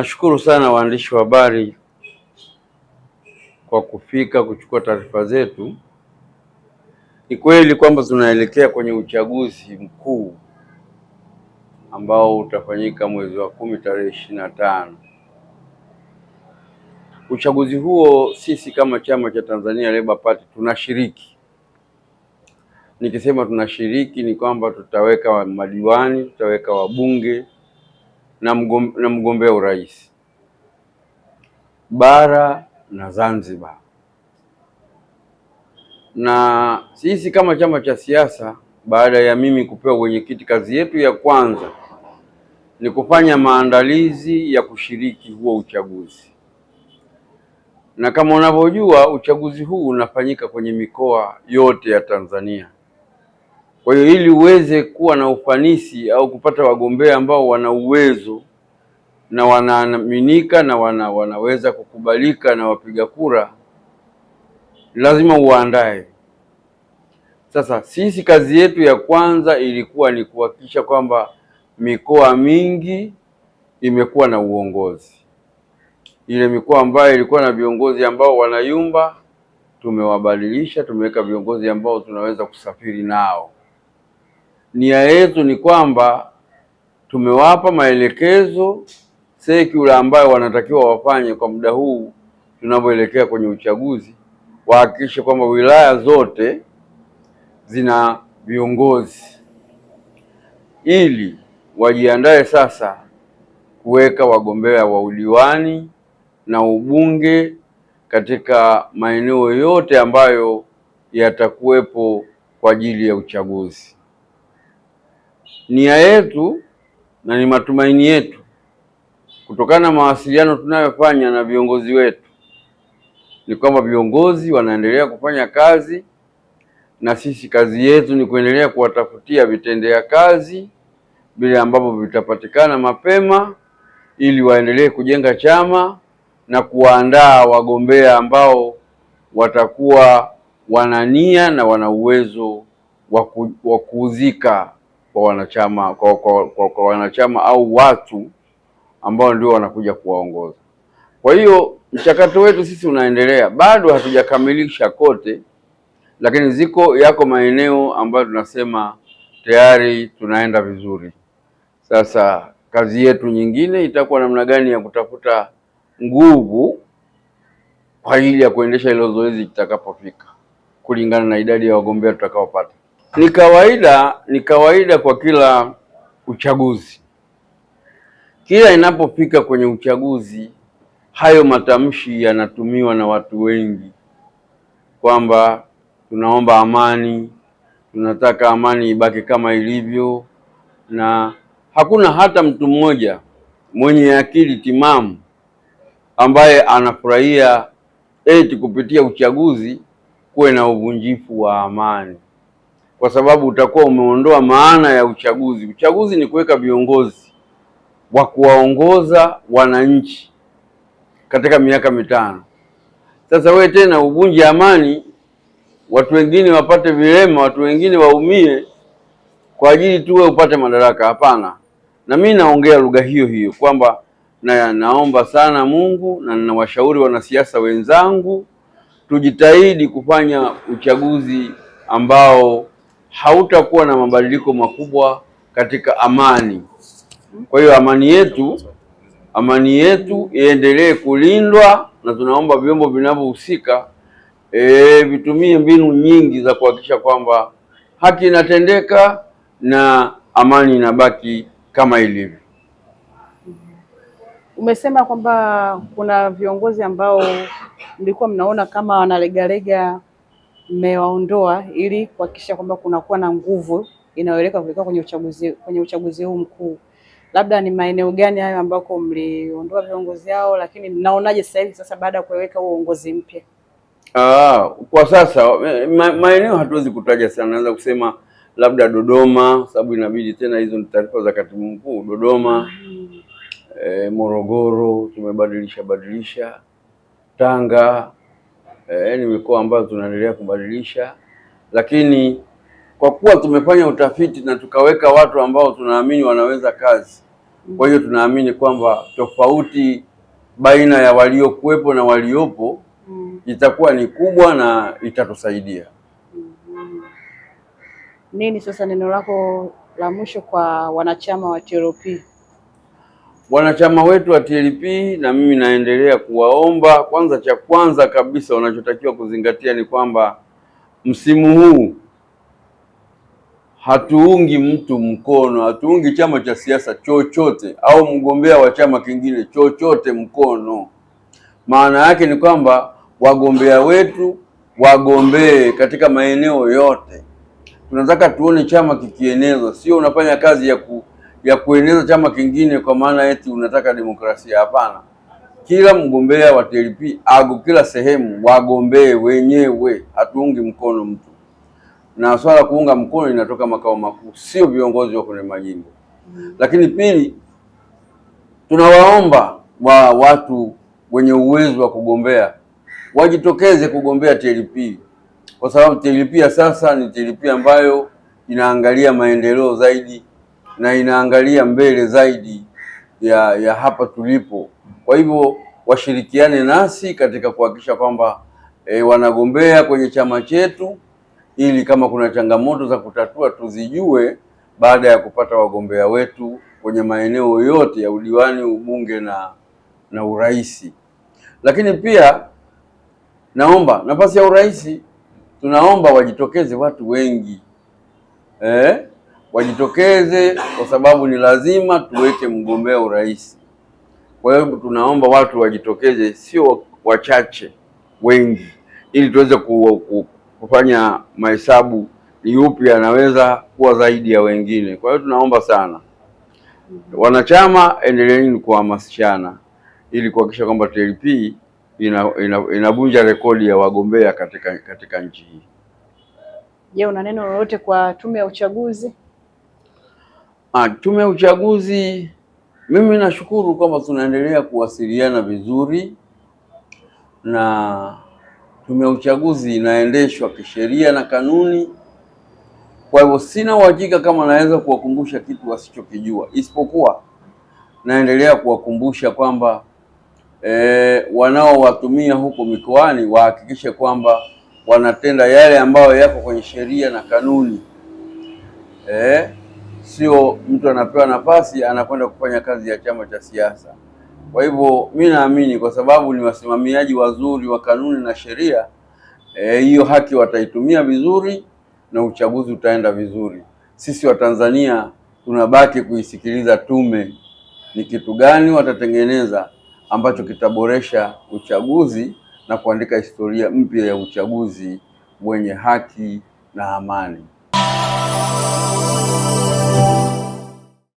Nashukuru sana waandishi wa habari kwa kufika kuchukua taarifa zetu. Ni kweli kwamba tunaelekea kwenye uchaguzi mkuu ambao utafanyika mwezi wa kumi tarehe ishirini na tano. Uchaguzi huo sisi kama chama cha Tanzania Labour Party tunashiriki. Nikisema tunashiriki ni kwamba tutaweka madiwani, tutaweka wabunge na mgombea mgombe urais bara na Zanzibar, na sisi kama chama cha siasa, baada ya mimi kupewa wenyekiti, kazi yetu ya kwanza ni kufanya maandalizi ya kushiriki huo uchaguzi, na kama unavyojua uchaguzi huu unafanyika kwenye mikoa yote ya Tanzania. Kwa hiyo ili uweze kuwa na ufanisi au kupata wagombea ambao wana uwezo na wanaaminika na wana, wanaweza kukubalika na wapiga kura, lazima uwaandae. Sasa sisi kazi yetu ya kwanza ilikuwa ni kuhakikisha kwamba mikoa mingi imekuwa na uongozi. Ile mikoa ambayo ilikuwa na viongozi ambao wanayumba, tumewabadilisha, tumeweka viongozi ambao tunaweza kusafiri nao nia yetu ni kwamba tumewapa maelekezo sekula ambayo wanatakiwa wafanye kwa muda huu tunavyoelekea kwenye uchaguzi, wahakikishe kwamba wilaya zote zina viongozi ili wajiandae sasa kuweka wagombea wa udiwani na ubunge katika maeneo yote ambayo yatakuwepo kwa ajili ya uchaguzi nia yetu na ni matumaini yetu kutokana na mawasiliano tunayofanya na viongozi wetu ni kwamba viongozi wanaendelea kufanya kazi na sisi kazi yetu ni kuendelea kuwatafutia vitendea kazi vile ambavyo vitapatikana mapema ili waendelee kujenga chama na kuwaandaa wagombea ambao watakuwa wana nia na wana uwezo wa kuuzika kwa wanachama kwa, kwa, kwa, kwa wanachama au watu ambao ndio wanakuja kuwaongoza. Kwa hiyo mchakato wetu sisi unaendelea, bado hatujakamilisha kote, lakini ziko yako maeneo ambayo tunasema tayari tunaenda vizuri. Sasa kazi yetu nyingine itakuwa namna gani ya kutafuta nguvu kwa ajili ya kuendesha hilo zoezi litakapofika kulingana na idadi ya wagombea tutakaopata. Ni kawaida, ni kawaida kwa kila uchaguzi, kila inapofika kwenye uchaguzi, hayo matamshi yanatumiwa na watu wengi kwamba tunaomba amani, tunataka amani ibaki kama ilivyo, na hakuna hata mtu mmoja mwenye akili timamu ambaye anafurahia eti kupitia uchaguzi kuwe na uvunjifu wa amani kwa sababu utakuwa umeondoa maana ya uchaguzi. Uchaguzi ni kuweka viongozi wa kuwaongoza wananchi katika miaka mitano. Sasa wewe tena uvunje amani, watu wengine wapate vilema, watu wengine waumie kwa ajili tu wewe upate madaraka? Hapana. Na mimi naongea lugha hiyo hiyo kwamba na naomba sana Mungu na ninawashauri wanasiasa wenzangu tujitahidi kufanya uchaguzi ambao hautakuwa na mabadiliko makubwa katika amani. Kwa hiyo amani yetu, amani yetu iendelee kulindwa, na tunaomba vyombo vinavyohusika e, vitumie mbinu nyingi za kuhakikisha kwamba haki inatendeka na amani inabaki kama ilivyo. Umesema kwamba kuna viongozi ambao mlikuwa mnaona kama wanalegalega mmewaondoa ili kuhakikisha kwamba kunakuwa na nguvu inayoeleka kuelekea kwenye uchaguzi kwenye uchaguzi huu mkuu? Labda ni maeneo gani hayo ambako mliondoa viongozi hao, lakini mnaonaje sasa hivi sasa baada ya kuweka huo uongozi mpya? Ah, kwa sasa ma, maeneo hatuwezi kutaja sana, naweza kusema labda Dodoma, sababu inabidi tena, hizo ni taarifa za katibu mkuu. Dodoma mm. eh, Morogoro tumebadilisha badilisha, Tanga Eh, ni yaani mikoa ambayo tunaendelea kubadilisha, lakini kwa kuwa tumefanya utafiti na tukaweka watu ambao tunaamini wanaweza kazi, kwa hiyo tunaamini kwamba tofauti baina ya waliokuwepo na waliopo mm-hmm. itakuwa ni kubwa na itatusaidia. Mm-hmm. Nini sasa neno lako la mwisho kwa wanachama wa TLP? wanachama wetu wa TLP na mimi naendelea kuwaomba, kwanza, cha kwanza kabisa wanachotakiwa kuzingatia ni kwamba msimu huu hatuungi mtu mkono, hatuungi chama cha siasa chochote au mgombea wa chama kingine chochote mkono. Maana yake ni kwamba wagombea wetu wagombee katika maeneo yote. Tunataka tuone chama kikienezwa, sio unafanya kazi ya ku ya kueneza chama kingine kwa maana eti unataka demokrasia. Hapana, kila mgombea wa TLP ago kila sehemu wagombee wenyewe, hatuungi mkono mtu, na swala kuunga mkono inatoka makao makuu, sio viongozi wa kwenye majimbo Lakini pili, tunawaomba wa watu wenye uwezo wa kugombea wajitokeze kugombea TLP kwa sababu TLP ya sasa ni TLP ambayo inaangalia maendeleo zaidi na inaangalia mbele zaidi ya, ya hapa tulipo. Kwa hivyo washirikiane nasi katika kuhakikisha kwamba e, wanagombea kwenye chama chetu ili kama kuna changamoto za kutatua tuzijue baada ya kupata wagombea wetu kwenye maeneo yote ya udiwani, ubunge na na urais. Lakini pia naomba nafasi ya urais, tunaomba wajitokeze watu wengi eh, wajitokeze kwa sababu ni lazima tuweke mgombea urais. Kwa hiyo tunaomba watu wajitokeze, sio wachache, wengi, ili tuweze ku, ku, kufanya mahesabu ni yupi anaweza kuwa zaidi ya wengine. Kwa hiyo tunaomba sana wanachama, endeleeni kuhamasishana ili kuhakikisha kwamba TLP inavunja ina, ina rekodi ya wagombea katika, katika nchi hii. Je, una neno lolote kwa tume ya uchaguzi? Ah, tume ya uchaguzi, mimi nashukuru kwamba tunaendelea kuwasiliana vizuri na tume ya uchaguzi inaendeshwa kisheria na kanuni. Kwa hivyo sina uhakika kama naweza kuwakumbusha kitu wasichokijua, isipokuwa naendelea kuwakumbusha kwamba e, wanaowatumia huko mikoani wahakikishe kwamba wanatenda yale ambayo yako kwenye sheria na kanuni e, sio mtu anapewa nafasi anakwenda kufanya kazi ya chama cha siasa. Kwa hivyo mi naamini kwa sababu ni wasimamiaji wazuri wa kanuni na sheria e, hiyo, e, haki wataitumia vizuri na uchaguzi utaenda vizuri. Sisi Watanzania tunabaki kuisikiliza tume, ni kitu gani watatengeneza ambacho kitaboresha uchaguzi na kuandika historia mpya ya uchaguzi wenye haki na amani.